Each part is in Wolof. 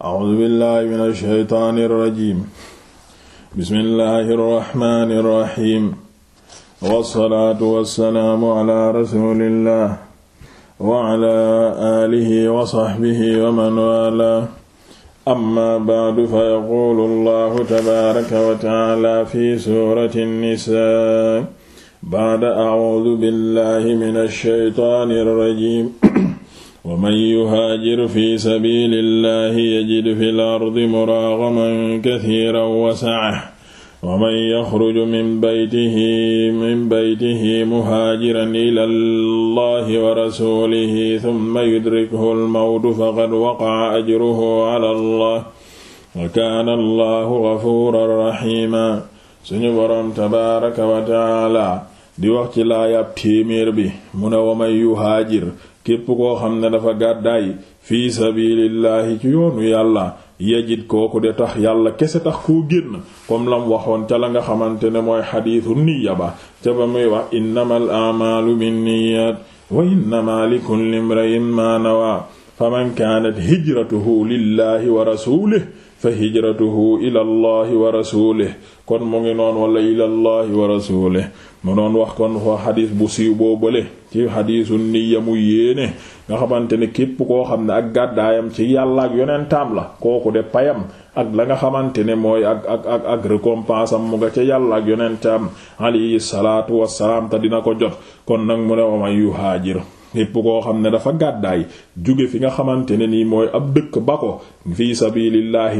a'uuzu billaahi mina shaytaani rajiim bismillaahi rahmaani rahiim wassalaatu wassalaamu ala rasuulillaah wa ala aalihi wa sahbihi wa man waalaa amma ba'du fa yaquulu allaahu tabaaraka wa ta'aalaa fi suurati nnisaa ba'da a'uuzu billaahi mina shaytaani rajiim wa man yuhaajir fi sabiilillahi yajid fil ardi muraagaman kasiiran wa sa'a wa man yaxruju min baytihi min baytihi muhaajiran ila llahi wa rasuulihi summa yudrikhu al-mawtu faqad waqa'a ajruhu ala llah wa kaana allahu gafuuran rahiima suñu boroom tabaaraka wa taala di wax ci laayab téeméer bi mu ne wa man yuhaajir képp koo xam ne dafa gàddaay fii sabilillahi ci yoonu yàlla yejit kooku de tax yàlla kese tax koo génn comme lam waxoon ca la nga xamante ne mooy xadiisu niya ba ca ba muy wax innamal a'malu binniyat wa innama likulli imrin ma nawa faman kanat hijratuhu lillahi wa rasulihi fa hijratuhu ila allahi wa rasulih kon mu ngi noon walla ila allahi wa rasulih mu doon wax kon fa xadis bu siiw boobale ci xadisu niya mu yéene nga xamante ne képp koo xam ne ak gàddaayam ci yàlla ak yonentam la kooku de payam ak la nga xamante ne mooy ak ak ak ak récompense am mu nga ca yàlla ak yonentam alayhi salaatu wassalaam te dina ko jot kon nag mu ne wa man képp koo xam ne dafa gàddaay jóge fi nga xamante ne nii mooy ab dëkk ba ko fii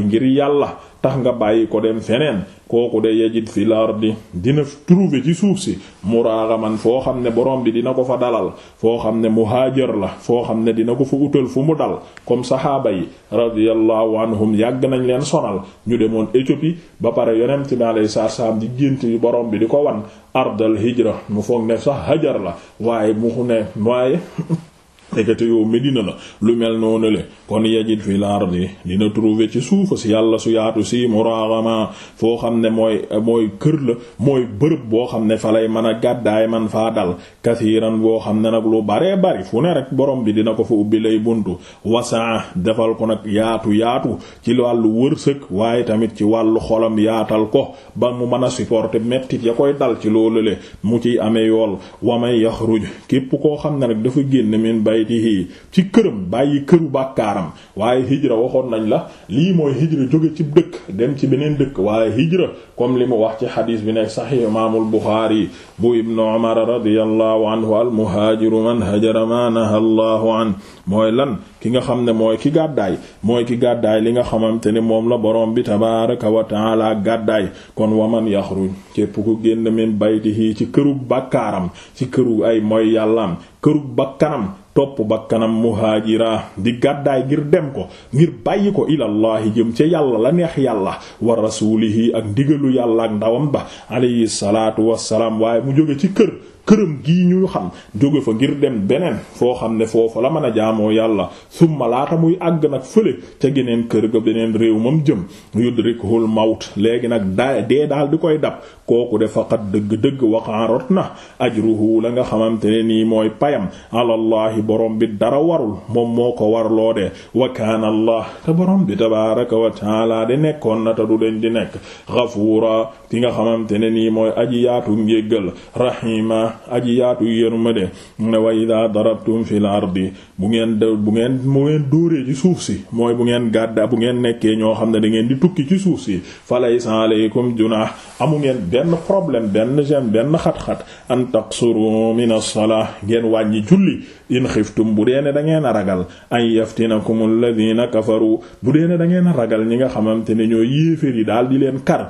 ngir yàlla tax nga bàyyi ko dem feneen kooku de yajid fil ardi dina trouver ci suuf si muraagaman foo xam ne boroom bi dina ko fa dalal foo xam ne muhaajir la foo xam ne dina ko fa utal fu mu dal comme saxaaba yi radiyallahu anhum yàgg nañ leen sonal ñu demoon Éthiopie ba pare yonent bi alayhi salaam di gént yu boroom bi di ko wan ardal hijra mu foog ne sax hajar la waaye mu ne waaye ndekete yow Medina la lu mel noonu le kon yajid fil ardi dina trouver ci suufa si yàlla su yaatu si muraghama foo xam ne mooy mooy kër la mooy bërëb boo xam ne fa lay mën a gàddaay man faa dal kasiiran boo xam ne nag lu baree bari fu ne rek borom bi dina ko fa ubbi lay buntu wasaa defal ko nag yaatu yaatu ci wàllu wërsëg waaye tamit ci wàllu xolam yaatal ko ba mu mën a supporter mettit ya koy dal ci loolu le mu ci amee yool wa may yaxruj képp koo baytihi ci këram bàyyi këru bàkkaaram waaye hijra waxoon nañ la lii mooy hijra jóge ci dëkk dem ci beneen dëkk waaye hijra comme li mu wax ci xadiis bi nekk saxiix imaamul Buxaari bu ibnu Umar radiyallahu anhu al muhaajiru man hajara ma naha Allahu an mooy lan ki nga xam ne mooy ki gàddaay mooy ki gàddaay li nga xamante ne moom la borom bi tabaaraka wa taala gàddaay kon waman yaxruj képp ku génn min baytihi ci këru bàkkaaram ci këru ay mooy yàllaam këru bakkanam topp bakkanam muhaajira di gàddaay ngir dem ko ngir bàyyi ko ilallaahi jëm ca yàlla la neex yàlla wa rasuulihi ak ndigalu yàlla ak ndawam ba alayhi salaatu wassalaam waaye mu jóge ci kër këram gii ñu xam jóge fa ngir dem beneen foo xam ne foofu la mën a jaamoo yàlla summa laata muy àgg nag fële ca geneen kër ga beneen réew mam jëm yudrikuhul mawt léegi nag daa dee daal di koy dab kooku de faqat dëgg-dëgg waqaarot na ajruhu la nga xamante ne nii mooy payam alallahi borom bi dara warul moom moo ko war loo de wa kaana te borom bi tabaaraka wa taala de nekkoon na du den di nekk ghafuura ki nga xamante ne nii mooy aji yaatu njéggal rahima aji yaatu yërmande ne wa ida darabtum fil ardi bu ngeen d bu ngeen bu ngeen dóoree ci suuf si mooy bu ngeen gàdda bu ngeen nekkee ñoo xam ne da ngeen di tukki ci suuf si falaysa alaykum junah amu ngeen benn problème benn gene benn xat-xat an taqsuru min as-salah ngeen wàññi julli in xiftum bu deene da ngeen a ragal an yaftinakum alladhina kafaru bu deene da ngeen a ragal ñi nga xamante ne ñooy yéefér yi daal di leen kar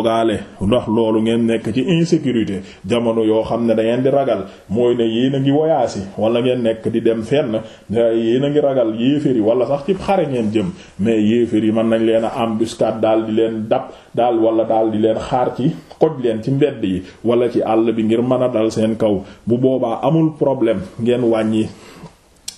dogaale ndox loolu ngeen nekk ci insécurité jamono yoo xam ne da ngeen di ragal mooy ne yéen a ngi woyaasi wala ngeen nekk di dem fenn yéen a ngi ragal yéeféer yi wala sax ci xare ngeen jëm mais yéeféer yi mën nañ leen a embuscade daal di leen dab daal wala daal di leen xaar ci koj leen ci mbedd yi wala ci àll bi ngir mën a dal seen kaw bu boobaa amul problème ngeen wàññi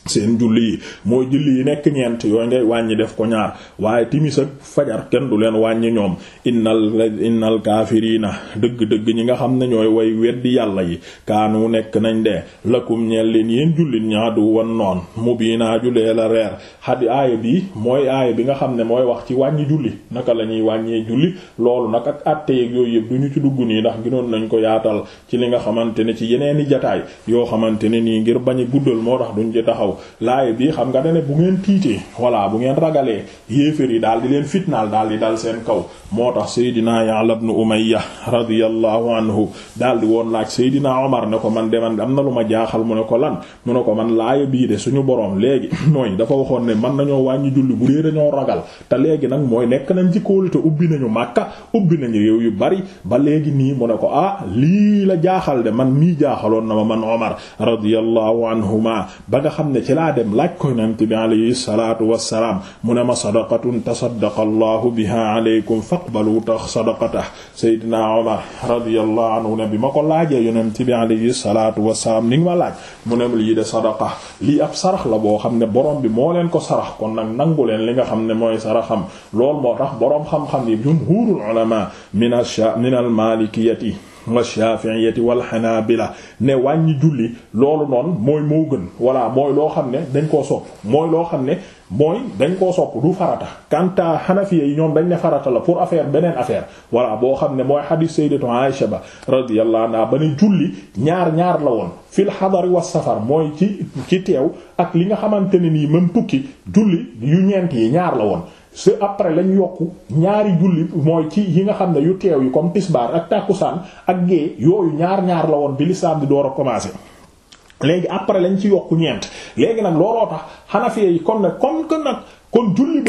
seen julli yi mooy julli yi nekk ñeent yooyu ngay wàññi def ko ñaar waaye timis ak fajar kenn du leen wàññi ñoom innal innal kaafiriina dëgg-dëgg ñi nga xam ne ñooy way weddi yàlla yi kaanu nekk nañ de lakum ñeel leen yéen jullit ñaadu wan noon mu bii naa julee la reer xadi aaya bi mooy aaya bi nga xam ne mooy wax ci wàññi julli naka la ñuy wàññee julli loolu nag ak àtte yeeg yooyu yëpp du ci dugg nii ndax ginoon nañ ko yaatal ci li nga xamante ne ci yeneeni jataay yoo xamante ne nii ngir bañ a guddal moo tax duñu ci taxaw taxaw laay bii xam nga dane bu ngeen tiitee voilà bu ngeen ragalee yéefér yi daal di leen fitnaal daal di dal seen kaw moo tax Seydina Ya'la ibn Umayya radiyallahu anhu daal di woon laaj Seydina Omar ne ko man de man am na lu ma jaaxal mu ne ko lan mu ne ko man laaya bii de suñu boroom léegi mooy dafa waxoon ne man nañoo wàññi julli bu dee ñoo ragal te léegi nag mooy nekk nañ ci kóolute ubbi nañu Makka ubbi nañ réew yu bari ba léegi nii mu ne ko ah lii la jaaxal de man mii jaaxaloon na ma man Omar radiyallahu anhuma ci laa dem laaj ko yonent bi alayhi salaatu wassalaam mu ne ma sadaqatun tasaddaqa allahu biha alaykum faqbalu sadaqatah sayyidina Umar radiyallahu anhu ne bi ma ko laajee yonent bi alayhi salaatu wassalaam ni nga ma laaj mu ne lii de sadaqa lii ab sarax la boo xam ne borom bi moo leen ko sarax kon nag nangu leen li nga xam ne mooy saraxam loolu moo tax borom xam-xam yi jumhuurul ulamaa min al maalikiyyati wa shafi'iyati wal hanabila ne wàññi julli loolu noonu mooy moo gën voilà mooy loo xam ne dañ koo sopp mooy loo xam ne mooy dañ koo sopp du farata kanta hanafiya yi ñoom dañ ne farata la pour affaire beneen affaire voilà boo xam ne mooy hadith sayyidatu Aisha ba radiyallahu anha ba ne julli ñaar ñaar la woon fil hadari wa safar mooy ci ci teew ak li nga xamante ne nii même tukki julli yu ñeent yi ñaar la woon ce après lañ yokku ñaari julli mooy ci yi nga xam ne yu teew yi comme tisbaar ak tàkkusaan ak gée yooyu ñaar-ñaar la woon bi lislaam di door a commencé léegi après lañ ci yokk ñeent léegi nag looloo tax Hanafi yi kon ne comme que nag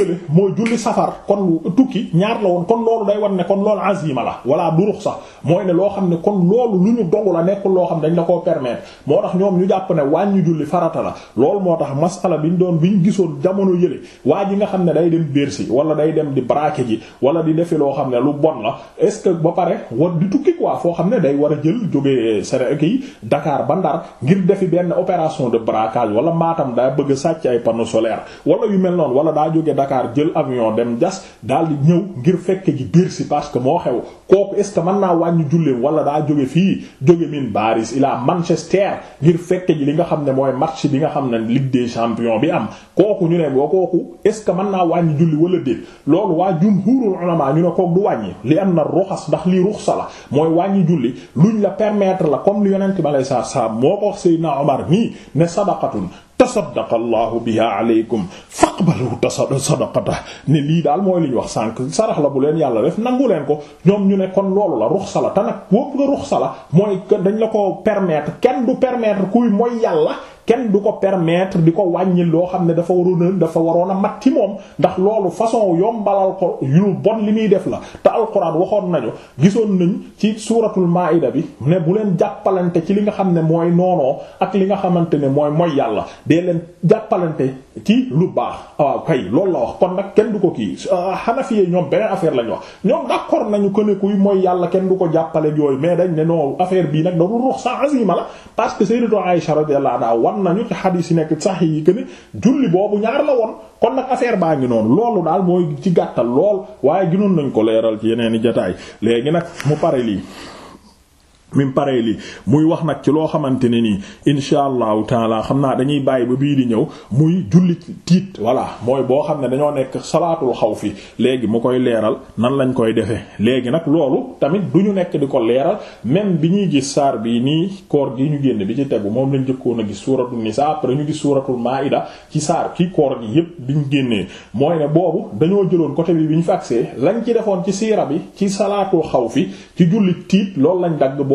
lëkkale mooy julli safar kon tukki ñaar la woon kon loolu day war ne kon lool azima la walla du rux sax mooy ne loo xam ne kon loolu lu ñu dogu la nekkul loo xam dañ la koo permettre moo tax ñoom ñu jàpp ne julli farata la loolu moo tax masala bi ñu doon bi ñu gisoon jamono yële waa ji nga xam ne day dem Bercy wala day dem di braquer ji wala di defi loo xam ne lu bon la est-ce que ba pare war di tukki quoi foo xam ne day war a jël jógee eh, Sénégal kii Dakar ba Ndar ngir defi benn opération de braquage wala maatam daa bëgg sàcc ay panneaux solaires wala yu mel noonu wala daa jógee Dakar Dakar jël avion dem jas daal di ñëw ngir fekke ji biir si parce que moo xew kooku est ce que mën naa wàññi julleem wala daa jóge fii jóge min Paris ila Manchester ngir fekke ji li nga xam ne mooy match bi nga xam ne Ligue des champions bi am kooku ñu ne boo kooku est ce que mën naa wàññi julli wala déet loolu waa jumhurul ulama ñu ne kook du wàññi li am na ruxas ndax lii ruxsa la mooy wàññi julli luñ la permettre la comme li yonent bi alayhi moo ko wax tasaddaqa allahu biha aleykum faqbalu sadaqata ne lii daal mooy li ñu wax sànq sarax la bu leen yàlla def nangu leen ko ñoom ñu ne kon loolu la ruxsa la te nag wóob nga ruxsa la mooy dañ la ko permettre kenn du permettre kuy mooy yàlla kenn du ko permettre di ko wàññil loo xam ne dafa waroon a dafa waroon a mat ci moom ndax loolu façon yombalal ko yu bon li muy def la te alxuraan waxoon nañu gisoon nañ ci suuratul maa'ida bi ne bu leen jàppalante ci li nga xam ne mooy noonoo ak li nga xamante ne mooy mooy yàlla leen jàppalante ci lu baax waaw kay loolu la wax kon nag kenn du ko kii xanafiyee euh, ñoom beneen affaire lañu wax ñoom d'accord nañu ko ne kuy mooy yàlla kenn du ko jàppale yooyu mais dañ ne non affaire bii nag da doon wax sa azima la parce que sayyidatu Aisha radiyallahu anha am na nañu ci xadiis yi nekk sax yi que ne julli boobu ñaar la woon kon nag affaire baa ngi noonu loolu daal mooy ci gàttal lool waaye ginoon nañ ko leeral ci yeneen i jotaay léegi nag mu pare lii. mi mu paree muy wax nag ci loo xamante ne nii insha allahu taala xam naa dañuy bàyyi ba bii di ñëw muy julli tiit voilà mooy boo xam ne dañoo nekk salaatul xaw fi léegi mu koy leeral nan lañ koy defee léegi nag loolu tamit du ñu nekk di ko leeral même bi ñuy gis saar bi nii koor gi ñu génn bi ci tegu moom lañ jëkkoon a gis suuratul nisaa après ñu gis suuratul maa'ida ci saar ki koor gi yépp bi ñu génnee mooy ne boobu dañoo jëloon côté bi bi ñu fa agsee lañ ci ci siira bi ci salaatul xaw fi ci julli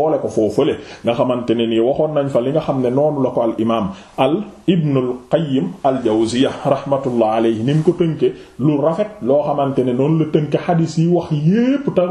boole ko foofale nga xamante ne nii waxoon nañ fa li nga xam ne noonu la ko al imaam al ibnul qayyim al jawziya rahmatullah alayhi ni mu ko tënke lu rafet loo xamante ne noonu la tënke xadiis yi wax yépp te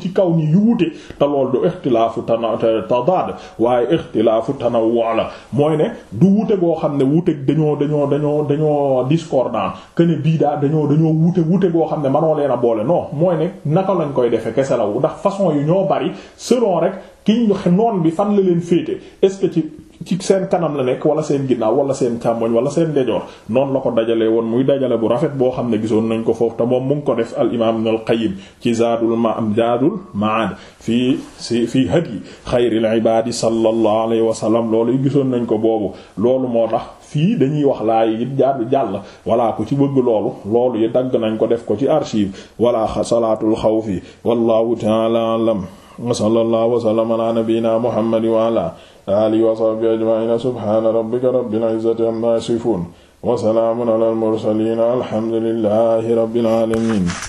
ci kaw ni yu wute te lool du ixtilaafu tana tadaad waaye ixtilaafu tanawwu la mooy ne du wute goo xam ne wute dañoo dañoo dañoo dañoo discordant que ne bii daa dañoo dañoo wute wute goo xam ne manoo leen a boole non mooy ne naka lañ koy defe kese la wu ndax façon yu ñoo bari selon rek kiñ noon bi fan la leen féete est-ce que ci ci seen kanam la nekk wala seen ginnaaw wala seen càmmoñ wala seen ndejoor noonu la ko dajalee woon muy dajale bu rafet boo xam ne gisoon nañ ko foofu te moom mu ko def al imaam Ibnul Qayyim ci Zaadul ma Zaadul Ma'aad fii si fii hadyi xayril ibaadi sallallahu alayhi wa sallam loolu gisoon nañ ko boobu loolu moo tax fii dañuy wax laa yi jàll voilà ku ci bëgg loolu loolu yi dagg nañ ko def ko ci archive voilà salaatul xawfi wallahu ta'ala alam wa sallallahu wa sallama ala nabiyyina muhammad wa ala alihi wa sahbihi ajma'in subhana rabbika rabbil izzati amma yasifun wa salaamun ala al mursalin alhamdulillahi rabbil alamin